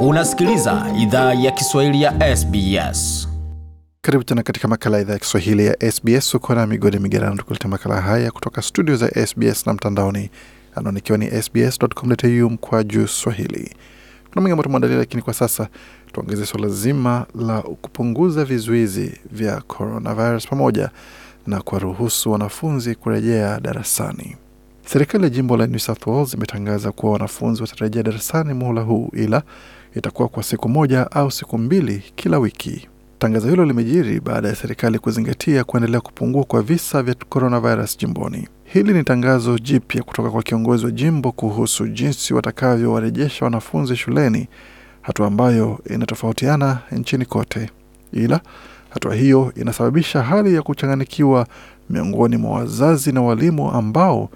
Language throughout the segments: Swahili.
Unasikiliza idhaa ya Kiswahili ya SBS. Karibu tena katika makala ya idhaa ya Kiswahili ya SBS. Uko na Migodi Migerano tukuleta makala haya kutoka studio za SBS na mtandaoni, anaonikiwa ni sbs.com.au mkwa juu swahili. kuna mengi ambayo tumeandalia, lakini kwa sasa tuongeze suala zima la kupunguza vizuizi vya coronavirus pamoja na kuwaruhusu wanafunzi kurejea darasani. Serikali ya jimbo la New South Wales imetangaza kuwa wanafunzi watarejea darasani muhula huu, ila itakuwa kwa siku moja au siku mbili kila wiki. Tangazo hilo limejiri baada ya serikali kuzingatia kuendelea kupungua kwa visa vya coronavirus jimboni. Hili ni tangazo jipya kutoka kwa kiongozi wa jimbo kuhusu jinsi watakavyowarejesha wanafunzi shuleni, hatua ambayo inatofautiana nchini kote. Ila hatua hiyo inasababisha hali ya kuchanganyikiwa miongoni mwa wazazi na walimu ambao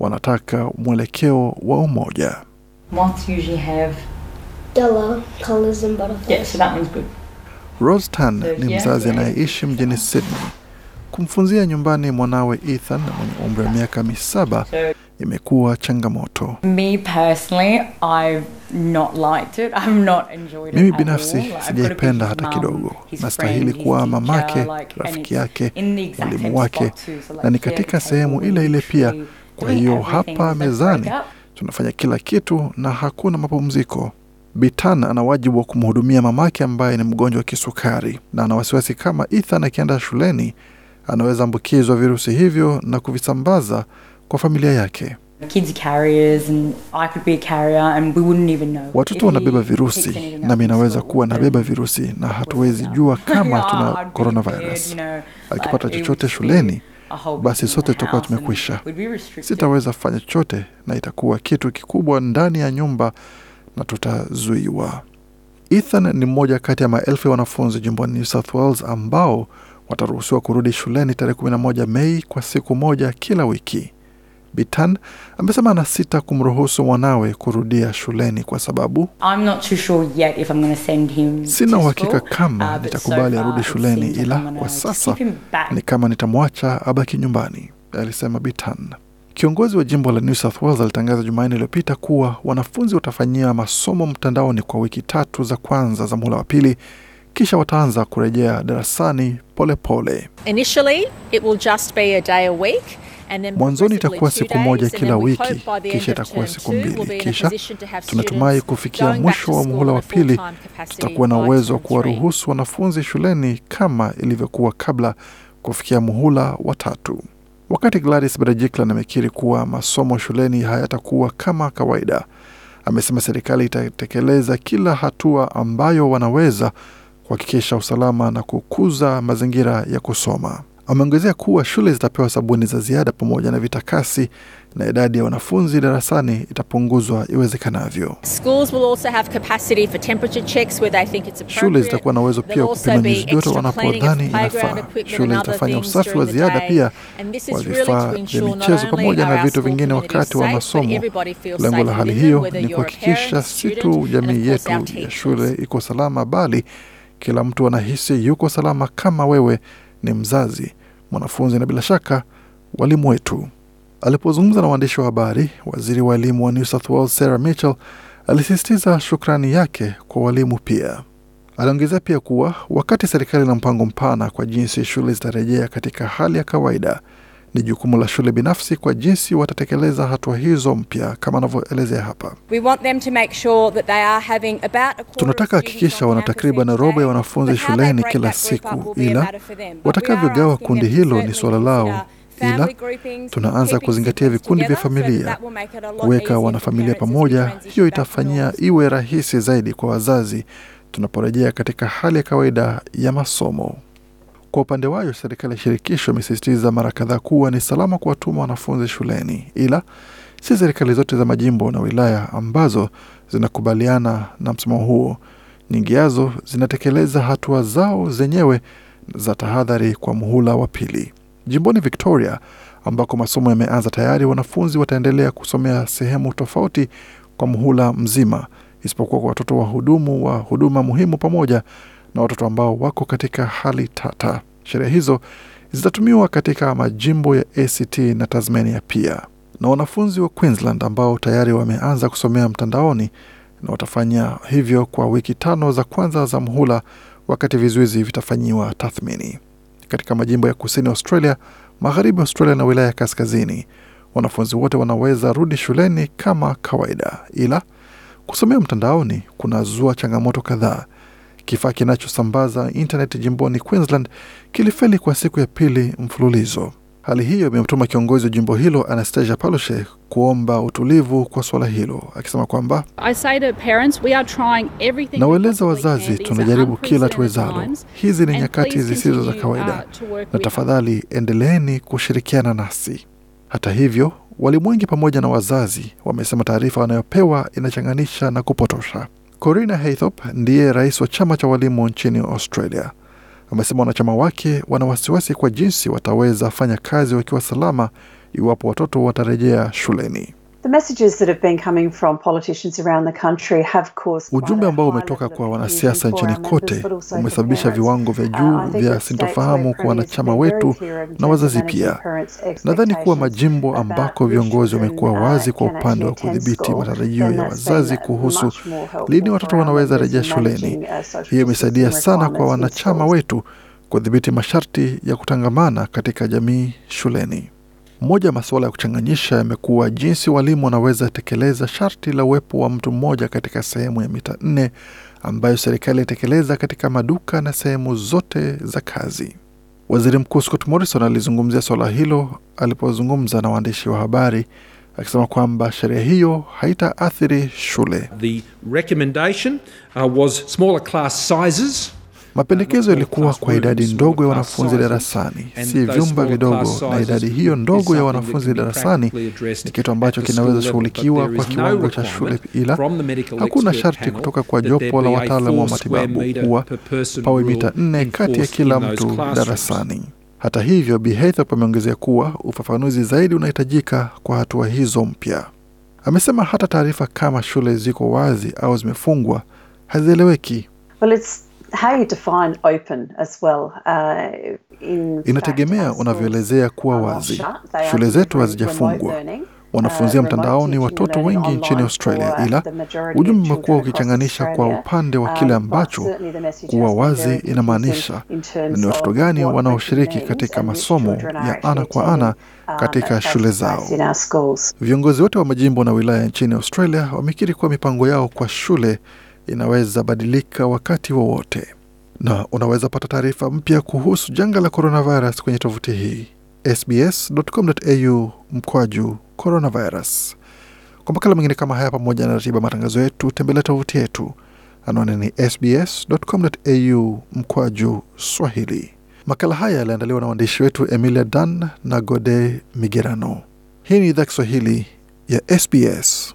wanataka mwelekeo wa umoja. What rostan so Rose Tan ni yeah, mzazi anayeishi yeah, mjini Sydney. Kumfunzia nyumbani mwanawe Ethan mwenye umri wa miaka misaba imekuwa changamoto. Me personally, I've not liked it. I've not enjoyed it. Mimi binafsi sijaipenda hata kidogo. Nastahili kuwa mamake, rafiki yake, mwalimu wake, na ni katika sehemu ile ile pia. Kwa hiyo hapa mezani tunafanya kila kitu na hakuna mapumziko. Bitan ana wajibu wa kumhudumia mamake ambaye ni mgonjwa wa kisukari, na ana wasiwasi kama Ethan akienda shuleni anaweza ambukizwa virusi hivyo na kuvisambaza kwa familia yake. Watoto wanabeba virusi nami naweza kuwa nabeba virusi na hatuwezi jua kama tuna coronavirus. Akipata chochote shuleni, basi sote tutakuwa tumekwisha. Sitaweza fanya chochote na itakuwa kitu kikubwa ndani ya nyumba na tutazuiwa. Ethan ni mmoja kati ya maelfu ya wanafunzi jimboni New South Wales ambao wataruhusiwa kurudi shuleni tarehe 11 Mei kwa siku moja kila wiki. Bitan amesema anasita kumruhusu mwanawe kurudia shuleni kwa sababu sure sina uhakika uh, kama uh, nitakubali so arudi shuleni, ila kwa sasa ni kama nitamwacha abaki nyumbani, alisema Bitan. Kiongozi wa jimbo la New South Wales alitangaza Jumanne iliyopita kuwa wanafunzi watafanyia masomo mtandaoni kwa wiki tatu za kwanza za muhula wa pili, kisha wataanza kurejea darasani polepole. Mwanzoni itakuwa siku moja kila wiki, kisha itakuwa siku mbili, kisha tunatumai kufikia mwisho wa muhula wa pili tutakuwa na uwezo wa kuwaruhusu wanafunzi shuleni kama ilivyokuwa kabla kufikia muhula wa tatu. Wakati Gladys Berejiklian amekiri kuwa masomo shuleni hayatakuwa kama kawaida, amesema serikali itatekeleza kila hatua ambayo wanaweza kuhakikisha usalama na kukuza mazingira ya kusoma. Ameongezea kuwa shule zitapewa sabuni za ziada pamoja na vitakasi na idadi ya wanafunzi darasani itapunguzwa iwezekanavyo. Shule zitakuwa na uwezo pia wa kupima nyuzi joto wanapodhani inafaa. Shule zitafanya usafi wa ziada pia wa vifaa vya michezo pamoja na vitu vingine wakati wa masomo. Lengo la hali hiyo ni kuhakikisha si tu jamii yetu ya shule iko salama, bali kila mtu anahisi yuko salama, kama wewe ni mzazi mwanafunzi na bila shaka walimu wetu. Alipozungumza na waandishi wa habari, waziri wa elimu wa New South Wales Sarah Mitchell alisisitiza shukrani yake kwa walimu pia. Aliongezea pia kuwa wakati serikali na mpango mpana kwa jinsi shule zitarejea katika hali ya kawaida, ni jukumu la shule binafsi kwa jinsi watatekeleza hatua hizo mpya, kama anavyoelezea hapa. tunataka hakikisha wana takriban robo ya wanafunzi shuleni kila siku, ila watakavyogawa kundi hilo ni suala lao ila tunaanza kuzingatia vikundi vya familia, kuweka wanafamilia pamoja. Hiyo itafanyia iwe rahisi zaidi kwa wazazi tunaporejea katika hali ya kawaida ya masomo. Kwa upande wayo, serikali ya shirikisho imesisitiza mara kadhaa kuwa ni salama kuwatuma wanafunzi shuleni, ila si serikali zote za majimbo na wilaya ambazo zinakubaliana na msimamo huo. Nyingi yazo zinatekeleza hatua zao zenyewe za tahadhari kwa muhula wa pili. Jimboni Victoria ambako masomo yameanza tayari, wanafunzi wataendelea kusomea sehemu tofauti kwa muhula mzima, isipokuwa kwa watoto wa hudumu wa huduma muhimu pamoja na watoto ambao wako katika hali tata. Sheria hizo zitatumiwa katika majimbo ya ACT na Tasmania pia, na wanafunzi wa Queensland ambao tayari wameanza kusomea mtandaoni na watafanya hivyo kwa wiki tano za kwanza za mhula, wakati vizuizi vitafanyiwa tathmini. Katika majimbo ya kusini Australia, magharibi Australia na wilaya ya kaskazini, wanafunzi wote wanaweza rudi shuleni kama kawaida, ila kusomea mtandaoni kunazua changamoto kadhaa Kifaa kinachosambaza intaneti jimboni Queensland kilifeli kwa siku ya pili mfululizo. Hali hiyo imemtuma kiongozi wa jimbo hilo Anastasia paloshe kuomba utulivu kwa suala hilo, akisema kwamba nawaeleza wazazi, tunajaribu kila tuwezalo. Hizi ni nyakati zisizo za uh, kawaida, na tafadhali endeleeni kushirikiana nasi. Hata hivyo, walimu wengi pamoja na wazazi wamesema taarifa wanayopewa inachanganisha na kupotosha. Corina haythop ndiye rais wa chama cha walimu nchini Australia. Amesema wanachama wake wana wasiwasi kwa jinsi wataweza fanya kazi wakiwa salama iwapo watoto watarejea shuleni. Ujumbe ambao umetoka kwa wanasiasa nchini kote umesababisha viwango vya uh, juu vya sintofahamu kwa wanachama wetu na wazazi pia. Nadhani kuwa majimbo ambako viongozi wamekuwa wazi kwa upande wa kudhibiti matarajio ya wazazi kuhusu lini watoto wanaweza rejea shuleni, uh, hiyo imesaidia sana kwa wanachama wetu kudhibiti masharti ya kutangamana katika jamii shuleni. Moja ya masuala ya kuchanganyisha yamekuwa jinsi walimu wanaweza tekeleza sharti la uwepo wa mtu mmoja katika sehemu ya mita nne ambayo serikali itekeleza katika maduka na sehemu zote za kazi. Waziri Mkuu Scott Morrison alizungumzia suala hilo alipozungumza na waandishi wa habari akisema kwamba sheria hiyo haitaathiri shule. The recommendation uh, was smaller class sizes Mapendekezo yalikuwa kwa idadi ndogo ya wanafunzi darasani, si vyumba vidogo, na idadi hiyo ndogo ya wanafunzi darasani ni kitu ambacho kinaweza shughulikiwa kwa kiwango cha shule, ila hakuna sharti kutoka kwa jopo la wataalamu wa matibabu kuwa pawe mita nne kati ya kila mtu darasani. Hata hivyo, Bi pameongezea ameongezea kuwa ufafanuzi zaidi unahitajika kwa hatua hizo mpya. Amesema hata taarifa kama shule ziko wazi au zimefungwa hazieleweki. Well, Uh, Inategemea unavyoelezea kuwa wazi. Shule zetu hazijafungwa, uh, wanafunzia mtandaoni watoto wengi nchini Australia, ila ujumbe umekuwa ukichanganisha kwa upande wa uh, kile ambacho kuwa wazi inamaanisha ni watoto gani wanaoshiriki katika masomo ya ana kwa ana katika shule zao. Viongozi wote wa majimbo na wilaya nchini Australia wamekiri kuwa mipango yao kwa shule inaweza badilika wakati wowote wa na unaweza pata taarifa mpya kuhusu janga la coronavirus kwenye tovuti hii sbs.com.au mkwaju coronavirus. Kwa makala mengine kama haya pamoja na ratiba matangazo yetu, tembelea tovuti yetu anwani ni sbs.com.au mkwaju swahili. Makala haya yaliandaliwa na waandishi wetu Emilia Dan na Gode Migerano. Hii ni idhaa Kiswahili ya SBS.